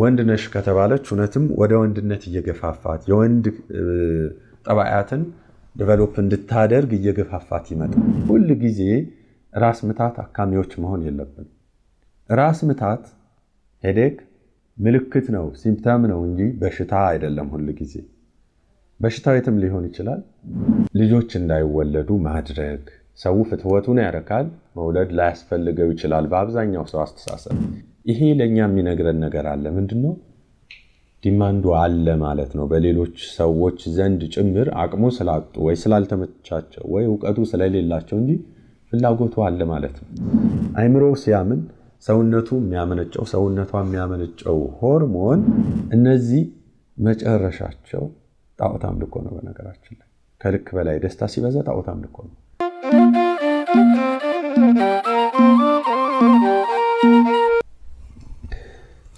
ወንድ ነሽ ከተባለች እውነትም ወደ ወንድነት እየገፋፋት የወንድ ጠባያትን ዲቨሎፕ እንድታደርግ እየገፋፋት ይመጣል። ሁል ጊዜ ራስ ምታት አካሚዎች መሆን የለብን። ራስ ምታት ሄዴክ ምልክት ነው፣ ሲምፕተም ነው እንጂ በሽታ አይደለም። ሁል ጊዜ በሽታው የትም ሊሆን ይችላል። ልጆች እንዳይወለዱ ማድረግ ሰው ፍትወቱን ያረካል። መውለድ ላያስፈልገው ይችላል በአብዛኛው ሰው አስተሳሰብ ይሄ ለእኛ የሚነግረን ነገር አለ። ምንድን ነው? ዲማንዱ አለ ማለት ነው። በሌሎች ሰዎች ዘንድ ጭምር አቅሙ ስላጡ ወይ ስላልተመቻቸው ወይ እውቀቱ ስለሌላቸው እንጂ ፍላጎቱ አለ ማለት ነው። አይምሮ ሲያምን ሰውነቱ የሚያመነጨው ሰውነቷ የሚያመነጨው ሆርሞን እነዚህ መጨረሻቸው ጣዖት አምልኮ ነው። በነገራችን ላይ ከልክ በላይ ደስታ ሲበዛ ጣዖት አምልኮ ነው።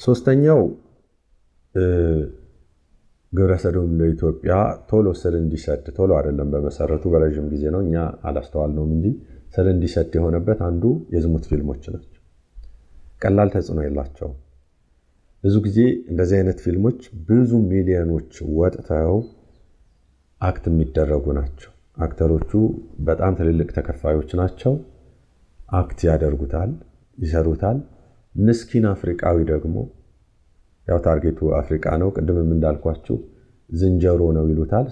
ሶስተኛው ግብረ ለኢትዮጵያ ቶሎ ስር እንዲሰድ ቶሎ አይደለም፣ በመሰረቱ በረዥም ጊዜ ነው፣ እኛ አላስተዋልነውም እንጂ ስር እንዲሰድ የሆነበት አንዱ የዝሙት ፊልሞች ናቸው። ቀላል ተጽዕኖ የላቸውም። ብዙ ጊዜ እንደዚህ አይነት ፊልሞች ብዙ ሚሊዮኖች ወጥተው አክት የሚደረጉ ናቸው። አክተሮቹ በጣም ትልልቅ ተከፋዮች ናቸው። አክት ያደርጉታል፣ ይሰሩታል። ምስኪን አፍሪቃዊ ደግሞ ያው ታርጌቱ አፍሪቃ ነው። ቅድምም እንዳልኳችሁ ዝንጀሮ ነው ይሉታል።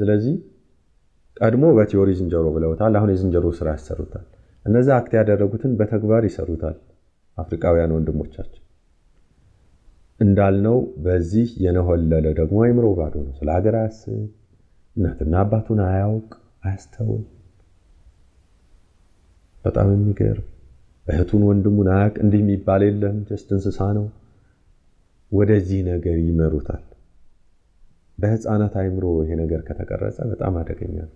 ስለዚህ ቀድሞ በቲዮሪ ዝንጀሮ ብለውታል። አሁን የዝንጀሮ ስራ ያሰሩታል። እነዛ አክት ያደረጉትን በተግባር ይሰሩታል አፍሪቃውያን ወንድሞቻችን። እንዳልነው በዚህ የነሆለለ ደግሞ አይምሮ ባዶ ነው። ስለ ሀገር አያስብ፣ እናትና አባቱን አያውቅ፣ አያስተውል። በጣም የሚገርም እህቱን ወንድሙን አያውቅ። እንዲህ የሚባል የለም። ጀስት እንስሳ ነው። ወደዚህ ነገር ይመሩታል። በህፃናት አይምሮ ይሄ ነገር ከተቀረጸ በጣም አደገኛ ነው።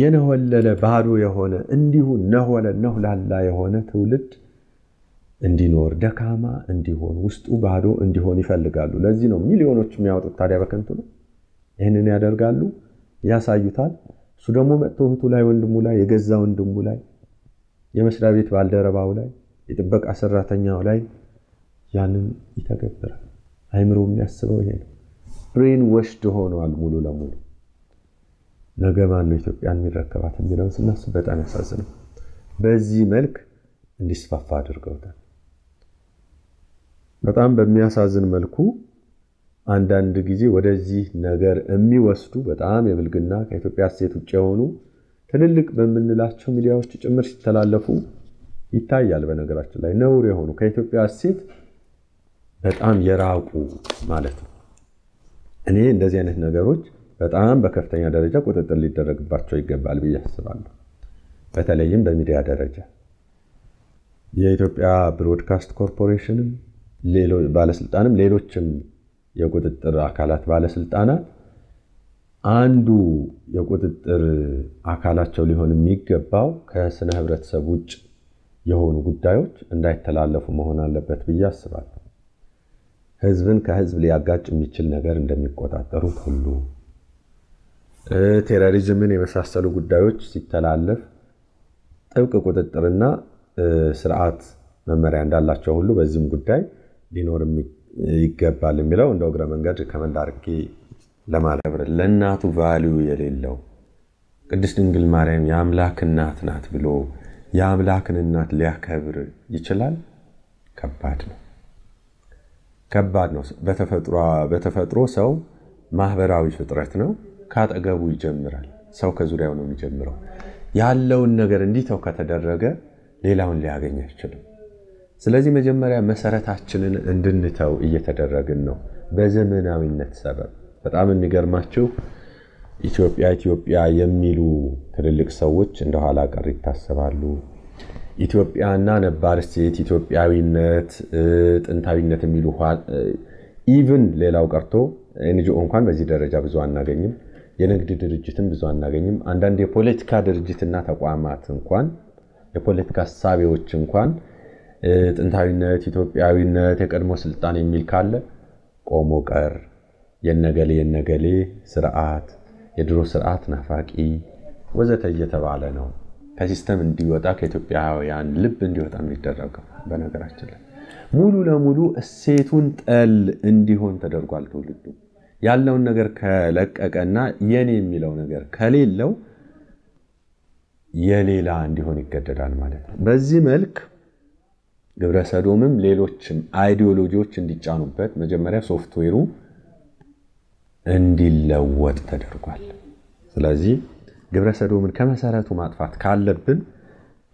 የነሆለለ ባዶ የሆነ እንዲሁ ነሆለ ነሁላላ የሆነ ትውልድ እንዲኖር ደካማ እንዲሆን ውስጡ ባዶ እንዲሆን ይፈልጋሉ። ለዚህ ነው ሚሊዮኖች የሚያወጡት ታዲያ በከንቱ ነው። ይህንን ያደርጋሉ፣ ያሳዩታል። እሱ ደግሞ መጥቶ እህቱ ላይ፣ ወንድሙ ላይ፣ የገዛ ወንድሙ ላይ፣ የመስሪያ ቤት ባልደረባው ላይ፣ የጥበቃ ሰራተኛው ላይ ያንን ይተገብራል። አይምሮ የሚያስበው ይሄ ነው። ብሬን ወሽድ ሆኗል ሙሉ ለሙሉ። ነገ ማን ነው ኢትዮጵያን የሚረከባት የሚለውን ስናስብ በጣም ያሳዝነው። በዚህ መልክ እንዲስፋፋ አድርገውታል። በጣም በሚያሳዝን መልኩ አንዳንድ ጊዜ ወደዚህ ነገር የሚወስዱ በጣም የብልግና ከኢትዮጵያ ሴት ውጭ የሆኑ ትልልቅ በምንላቸው ሚዲያዎች ጭምር ሲተላለፉ ይታያል። በነገራችን ላይ ነውር የሆኑ ከኢትዮጵያ ሴት በጣም የራቁ ማለት ነው። እኔ እንደዚህ አይነት ነገሮች በጣም በከፍተኛ ደረጃ ቁጥጥር ሊደረግባቸው ይገባል ብዬ አስባለሁ። በተለይም በሚዲያ ደረጃ የኢትዮጵያ ብሮድካስት ኮርፖሬሽንም ባለስልጣንም ሌሎችም የቁጥጥር አካላት ባለስልጣናት አንዱ የቁጥጥር አካላቸው ሊሆን የሚገባው ከስነ ህብረተሰብ ውጭ የሆኑ ጉዳዮች እንዳይተላለፉ መሆን አለበት ብዬ አስባለሁ። ህዝብን ከህዝብ ሊያጋጭ የሚችል ነገር እንደሚቆጣጠሩት ሁሉ ቴሮሪዝምን የመሳሰሉ ጉዳዮች ሲተላለፍ ጥብቅ ቁጥጥርና ስርዓት መመሪያ እንዳላቸው ሁሉ በዚህም ጉዳይ ሊኖር ይገባል የሚለው እንደ እግረ መንገድ ከመንዳርጌ ለማለብር ለእናቱ ቫሊዩ የሌለው ቅድስት ድንግል ማርያም የአምላክ እናት ናት ብሎ የአምላክን እናት ሊያከብር ይችላል? ከባድ ነው። ከባድ ነው። በተፈጥሮ ሰው ማህበራዊ ፍጥረት ነው። ካጠገቡ ይጀምራል። ሰው ከዙሪያው ነው የሚጀምረው። ያለውን ነገር እንዲተው ከተደረገ ሌላውን ሊያገኝ አይችልም። ስለዚህ መጀመሪያ መሰረታችንን እንድንተው እየተደረግን ነው በዘመናዊነት ሰበብ። በጣም የሚገርማችሁ ኢትዮጵያ ኢትዮጵያ የሚሉ ትልልቅ ሰዎች እንደኋላ ቀር ይታሰባሉ። ኢትዮጵያና ነባር ሴት ኢትዮጵያዊነት፣ ጥንታዊነት የሚሉ ኢቭን ሌላው ቀርቶ ኤንጂኦ እንኳን በዚህ ደረጃ ብዙ አናገኝም። የንግድ ድርጅትም ብዙ አናገኝም። አንዳንድ የፖለቲካ ድርጅትና ተቋማት እንኳን የፖለቲካ ሳቢዎች እንኳን ጥንታዊነት፣ ኢትዮጵያዊነት፣ የቀድሞ ስልጣን የሚል ካለ ቆሞ ቀር የነገሌ የነገሌ ስርዓት የድሮ ስርዓት ናፋቂ ወዘተ እየተባለ ነው። ከሲስተም እንዲወጣ ከኢትዮጵያውያን ልብ እንዲወጣ የሚደረገው በነገራችን ላይ ሙሉ ለሙሉ እሴቱን ጠል እንዲሆን ተደርጓል። ትውልዱ ያለውን ነገር ከለቀቀና የኔ የሚለው ነገር ከሌለው የሌላ እንዲሆን ይገደዳል ማለት ነው። በዚህ መልክ ግብረ ሰዶምም ሌሎችም አይዲዮሎጂዎች እንዲጫኑበት መጀመሪያ ሶፍትዌሩ እንዲለወጥ ተደርጓል። ስለዚህ ግብረ ሰዶምን ከመሰረቱ ማጥፋት ካለብን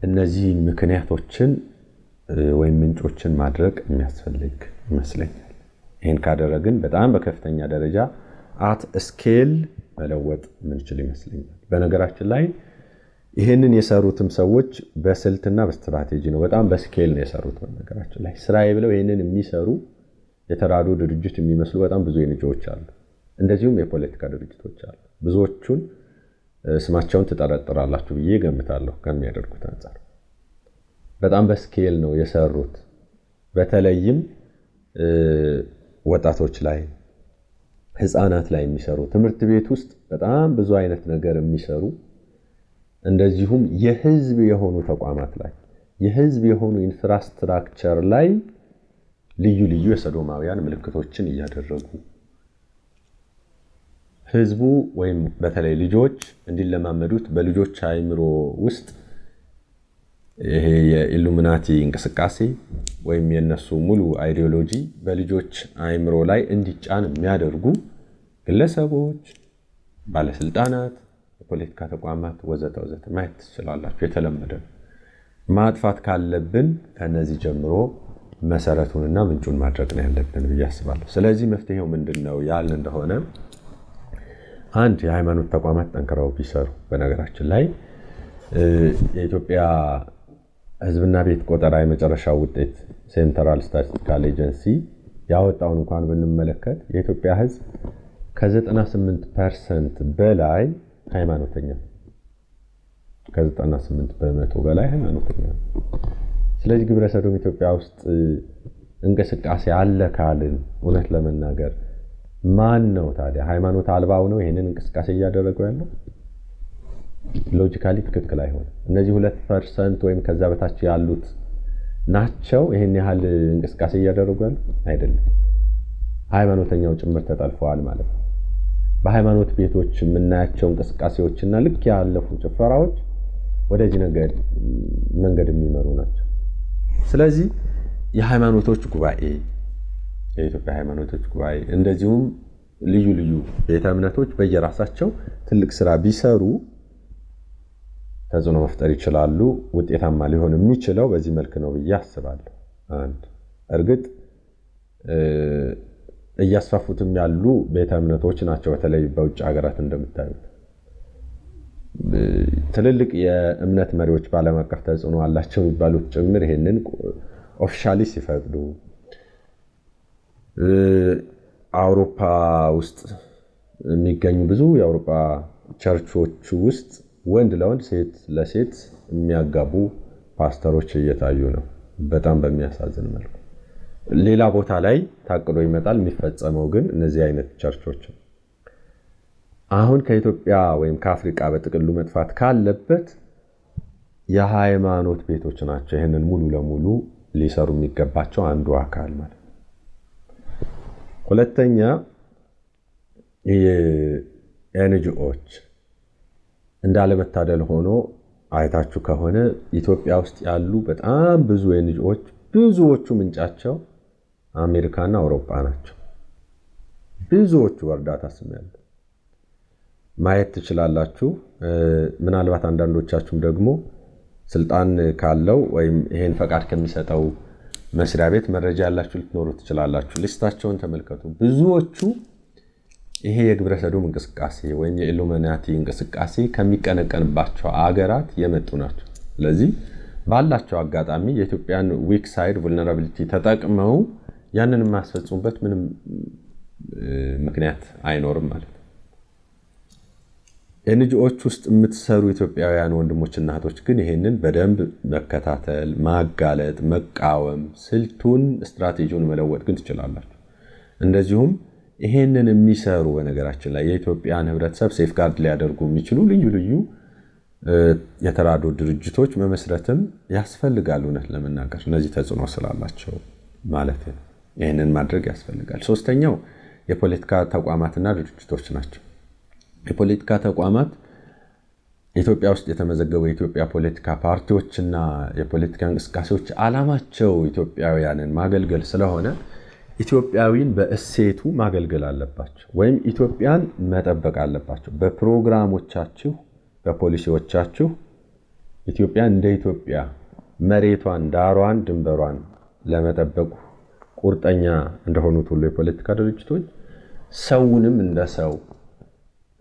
እነዚህ ምክንያቶችን ወይም ምንጮችን ማድረግ የሚያስፈልግ ይመስለኛል። ይህን ካደረግን በጣም በከፍተኛ ደረጃ አት ስኬል መለወጥ ምንችል ይመስለኛል። በነገራችን ላይ ይህንን የሰሩትም ሰዎች በስልትና በስትራቴጂ ነው፣ በጣም በስኬል ነው የሰሩት። በነገራችን ላይ ስራዬ ብለው ይህንን የሚሰሩ የተራዶ ድርጅት የሚመስሉ በጣም ብዙ ኤንጂኦዎች አሉ። እንደዚሁም የፖለቲካ ድርጅቶች አሉ። ብዙዎቹን ስማቸውን ትጠረጥራላችሁ ብዬ ገምታለሁ። ከሚያደርጉት አንጻር በጣም በስኬል ነው የሰሩት። በተለይም ወጣቶች ላይ፣ ህፃናት ላይ የሚሰሩ ትምህርት ቤት ውስጥ በጣም ብዙ አይነት ነገር የሚሰሩ እንደዚሁም የህዝብ የሆኑ ተቋማት ላይ የህዝብ የሆኑ ኢንፍራስትራክቸር ላይ ልዩ ልዩ የሰዶማውያን ምልክቶችን እያደረጉ ህዝቡ ወይም በተለይ ልጆች እንዲለማመዱት በልጆች አእምሮ ውስጥ ይሄ የኢሉሚናቲ እንቅስቃሴ ወይም የነሱ ሙሉ አይዲዮሎጂ በልጆች አእምሮ ላይ እንዲጫን የሚያደርጉ ግለሰቦች፣ ባለስልጣናት፣ የፖለቲካ ተቋማት ወዘተ ወዘተ ማየት ትችላላችሁ። የተለመደ ነው። ማጥፋት ካለብን ከነዚህ ጀምሮ መሰረቱንና ምንጩን ማድረግ ነው ያለብን ብዬ አስባለሁ። ስለዚህ መፍትሄው ምንድን ነው ያል እንደሆነ አንድ የሃይማኖት ተቋማት ጠንክረው ቢሰሩ። በነገራችን ላይ የኢትዮጵያ ሕዝብና ቤት ቆጠራ የመጨረሻ ውጤት ሴንትራል ስታቲስቲካል ኤጀንሲ ያወጣውን እንኳን ብንመለከት የኢትዮጵያ ሕዝብ ከ98 ፐርሰንት በላይ ሃይማኖተኛ ነው። ከ98 በመቶ በላይ ሃይማኖተኛ ነው። ስለዚህ ግብረሰዶም ኢትዮጵያ ውስጥ እንቅስቃሴ አለ ካልን እውነት ለመናገር ማን ነው ታዲያ ሃይማኖት አልባው ነው ይህንን እንቅስቃሴ እያደረገው ያለው? ሎጂካሊ ትክክል አይሆንም። እነዚህ ሁለት ፐርሰንት ወይም ከዛ በታች ያሉት ናቸው ይህን ያህል እንቅስቃሴ እያደረጉ ያሉ አይደለም። ሃይማኖተኛው ጭምር ተጠልፈዋል ማለት ነው። በሃይማኖት ቤቶች የምናያቸው እና ልክ ያለፉ ጭፈራዎች ወደዚህ ነገር መንገድ የሚመሩ ናቸው። ስለዚህ የሃይማኖቶች ጉባኤ የኢትዮጵያ ሃይማኖቶች ጉባኤ እንደዚሁም ልዩ ልዩ ቤተ እምነቶች በየራሳቸው ትልቅ ስራ ቢሰሩ ተጽዕኖ መፍጠር ይችላሉ። ውጤታማ ሊሆን የሚችለው በዚህ መልክ ነው ብዬ አስባለሁ። አንድ እርግጥ እያስፋፉትም ያሉ ቤተ እምነቶች ናቸው። በተለይ በውጭ ሀገራት እንደምታዩት ትልልቅ የእምነት መሪዎች በዓለም አቀፍ ተጽዕኖ አላቸው የሚባሉት ጭምር ይሄንን ኦፊሻሊ ሲፈቅዱ አውሮፓ ውስጥ የሚገኙ ብዙ የአውሮፓ ቸርቾች ውስጥ ወንድ ለወንድ ሴት ለሴት የሚያጋቡ ፓስተሮች እየታዩ ነው። በጣም በሚያሳዝን መልኩ ሌላ ቦታ ላይ ታቅዶ ይመጣል። የሚፈጸመው ግን እነዚህ አይነት ቸርቾች አሁን ከኢትዮጵያ ወይም ከአፍሪቃ በጥቅሉ መጥፋት ካለበት የሃይማኖት ቤቶች ናቸው። ይህንን ሙሉ ለሙሉ ሊሰሩ የሚገባቸው አንዱ አካል ማለት ሁለተኛ የኤንጂኦች እንዳለመታደል ሆኖ አይታችሁ ከሆነ ኢትዮጵያ ውስጥ ያሉ በጣም ብዙ ኤንጂኦች ብዙዎቹ ምንጫቸው አሜሪካና አውሮፓ ናቸው። ብዙዎቹ በእርዳታ ስም ማየት ትችላላችሁ። ምናልባት አንዳንዶቻችሁም ደግሞ ስልጣን ካለው ወይም ይሄን ፈቃድ ከሚሰጠው መስሪያ ቤት መረጃ ያላችሁ ልትኖሩ ትችላላችሁ። ሊስታቸውን ተመልከቱ። ብዙዎቹ ይሄ የግብረ ሰዶም እንቅስቃሴ ወይም የኢሉሚናቲ እንቅስቃሴ ከሚቀነቀንባቸው አገራት የመጡ ናቸው። ስለዚህ ባላቸው አጋጣሚ የኢትዮጵያን ዊክ ሳይድ vulnerability ተጠቅመው ያንን የማያስፈጽሙበት ምንም ምክንያት አይኖርም ማለት ነው። ኤንጂኦች ውስጥ የምትሰሩ ኢትዮጵያውያን ወንድሞችና እህቶች ግን ይህንን በደንብ መከታተል፣ ማጋለጥ፣ መቃወም፣ ስልቱን ስትራቴጂውን መለወጥ ግን ትችላላችሁ። እንደዚሁም ይሄንን የሚሰሩ በነገራችን ላይ የኢትዮጵያን ሕብረተሰብ ሴፍጋርድ ሊያደርጉ የሚችሉ ልዩ ልዩ የተራዶ ድርጅቶች መመስረትም ያስፈልጋል። እውነት ለመናገር እነዚህ ተጽዕኖ ስላላቸው ማለት ነው። ይህንን ማድረግ ያስፈልጋል። ሶስተኛው የፖለቲካ ተቋማትና ድርጅቶች ናቸው። የፖለቲካ ተቋማት ኢትዮጵያ ውስጥ የተመዘገቡ የኢትዮጵያ ፖለቲካ ፓርቲዎችና የፖለቲካ እንቅስቃሴዎች አላማቸው ኢትዮጵያውያንን ማገልገል ስለሆነ ኢትዮጵያዊን በእሴቱ ማገልገል አለባቸው፣ ወይም ኢትዮጵያን መጠበቅ አለባቸው። በፕሮግራሞቻችሁ፣ በፖሊሲዎቻችሁ ኢትዮጵያ እንደ ኢትዮጵያ መሬቷን፣ ዳሯን፣ ድንበሯን ለመጠበቁ ቁርጠኛ እንደሆኑት ሁሉ የፖለቲካ ድርጅቶች ሰውንም እንደ ሰው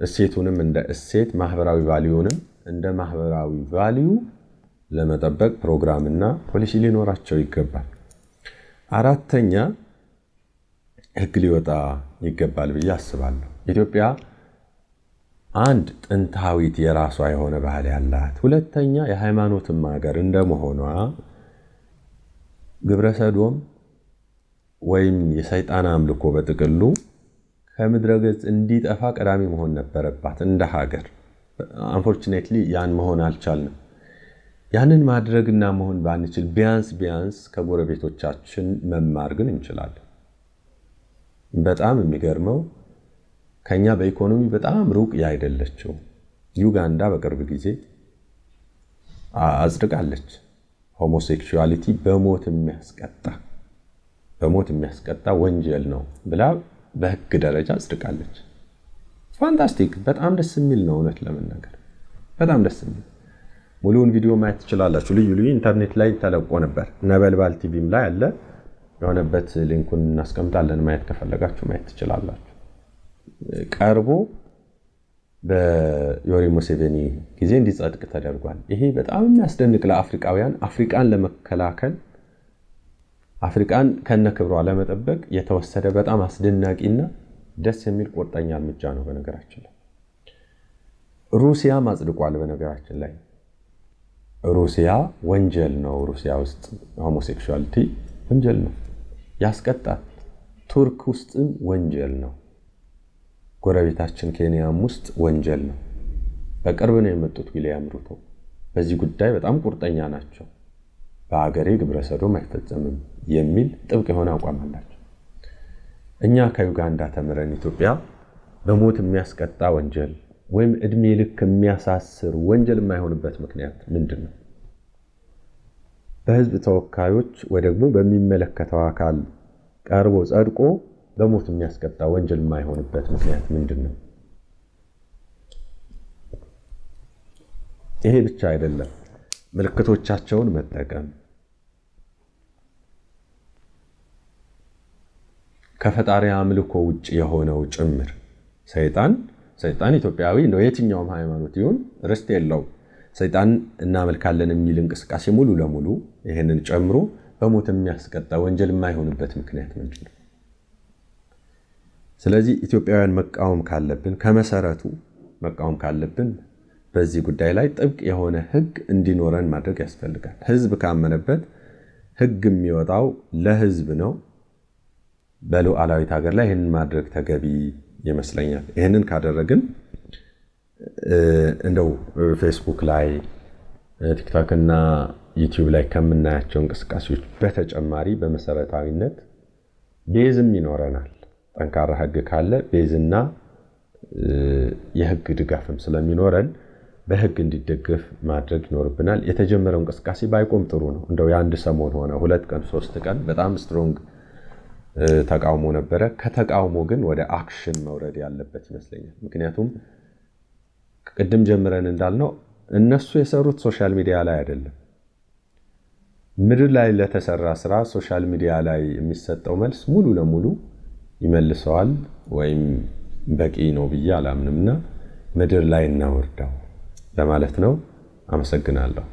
እሴቱንም እንደ እሴት ማህበራዊ ቫሊዩንም እንደ ማህበራዊ ቫሊዩ ለመጠበቅ ፕሮግራምና ፖሊሲ ሊኖራቸው ይገባል። አራተኛ ህግ ሊወጣ ይገባል ብዬ አስባለሁ። ኢትዮጵያ አንድ ጥንታዊት የራሷ የሆነ ባህል ያላት፣ ሁለተኛ የሃይማኖትም ሀገር እንደመሆኗ ግብረሰዶም ወይም የሰይጣን አምልኮ በጥቅሉ ከምድረ ገጽ እንዲጠፋ ቀዳሚ መሆን ነበረባት እንደ ሀገር። አንፎርችኔትሊ ያን መሆን አልቻልንም። ያንን ማድረግና መሆን ባንችል ቢያንስ ቢያንስ ከጎረቤቶቻችን መማር ግን እንችላለን። በጣም የሚገርመው ከኛ በኢኮኖሚ በጣም ሩቅ ያይደለችው ዩጋንዳ በቅርብ ጊዜ አጽድቃለች። ሆሞሴክሹዋሊቲ በሞት የሚያስቀጣ በሞት የሚያስቀጣ ወንጀል ነው ብላ በህግ ደረጃ አጽድቃለች። ፋንታስቲክ! በጣም ደስ የሚል ነው። እውነት ለመናገር በጣም ደስ የሚል ሙሉውን ቪዲዮ ማየት ትችላላችሁ። ልዩ ልዩ ኢንተርኔት ላይ ተለቆ ነበር። ነበልባል ቲቪም ላይ አለ። የሆነበት ሊንኩን እናስቀምጣለን። ማየት ከፈለጋችሁ ማየት ትችላላችሁ። ቀርቦ በዮሪ ሙሴቬኒ ጊዜ እንዲጸድቅ ተደርጓል። ይሄ በጣም የሚያስደንቅ ለአፍሪቃውያን አፍሪቃን ለመከላከል አፍሪቃን ከነ ክብሯ ለመጠበቅ የተወሰደ በጣም አስደናቂና ደስ የሚል ቁርጠኛ እርምጃ ነው። በነገራችን ላይ ሩሲያ ማጽድቋል። በነገራችን ላይ ሩሲያ ወንጀል ነው። ሩሲያ ውስጥ ሆሞሴክሹዋሊቲ ወንጀል ነው፣ ያስቀጣል። ቱርክ ውስጥም ወንጀል ነው። ጎረቤታችን ኬንያም ውስጥ ወንጀል ነው። በቅርብ ነው የመጡት ዊልያም ሩቶ በዚህ ጉዳይ በጣም ቁርጠኛ ናቸው። በሀገሬ ግብረሰዶም አይፈጸምም የሚል ጥብቅ የሆነ አቋም አላቸው። እኛ ከዩጋንዳ ተምረን ኢትዮጵያ በሞት የሚያስቀጣ ወንጀል ወይም እድሜ ልክ የሚያሳስር ወንጀል የማይሆንበት ምክንያት ምንድን ነው? በህዝብ ተወካዮች ወይ ደግሞ በሚመለከተው አካል ቀርቦ ጸድቆ በሞት የሚያስቀጣ ወንጀል የማይሆንበት ምክንያት ምንድን ነው? ይሄ ብቻ አይደለም፣ ምልክቶቻቸውን መጠቀም ከፈጣሪ አምልኮ ውጭ የሆነው ጭምር ሰይጣን ሰይጣን ኢትዮጵያዊ ነው። የትኛውም ሃይማኖት ይሁን ርስት የለው። ሰይጣን እናመልካለን የሚል እንቅስቃሴ ሙሉ ለሙሉ ይህንን ጨምሮ በሞት የሚያስቀጣ ወንጀል የማይሆንበት ምክንያት ምንድን ነው? ስለዚህ ኢትዮጵያውያን መቃወም ካለብን ከመሰረቱ መቃወም ካለብን በዚህ ጉዳይ ላይ ጥብቅ የሆነ ህግ እንዲኖረን ማድረግ ያስፈልጋል። ህዝብ ካመነበት ህግ የሚወጣው ለህዝብ ነው። በሉዓላዊት ሀገር ላይ ይህንን ማድረግ ተገቢ ይመስለኛል። ይህንን ካደረግን እንደው ፌስቡክ ላይ ቲክቶክ እና ዩቲዩብ ላይ ከምናያቸው እንቅስቃሴዎች በተጨማሪ በመሰረታዊነት ቤዝም ይኖረናል። ጠንካራ ህግ ካለ ቤዝና የህግ ድጋፍም ስለሚኖረን በህግ እንዲደገፍ ማድረግ ይኖርብናል። የተጀመረው እንቅስቃሴ ባይቆም ጥሩ ነው። እንደው የአንድ ሰሞን ሆነ ሁለት ቀን ሶስት ቀን በጣም ስትሮንግ ተቃውሞ ነበረ። ከተቃውሞ ግን ወደ አክሽን መውረድ ያለበት ይመስለኛል። ምክንያቱም ቅድም ጀምረን እንዳልነው እነሱ የሰሩት ሶሻል ሚዲያ ላይ አይደለም። ምድር ላይ ለተሰራ ስራ ሶሻል ሚዲያ ላይ የሚሰጠው መልስ ሙሉ ለሙሉ ይመልሰዋል ወይም በቂ ነው ብዬ አላምንም እና ምድር ላይ እናወርደው ለማለት ነው። አመሰግናለሁ።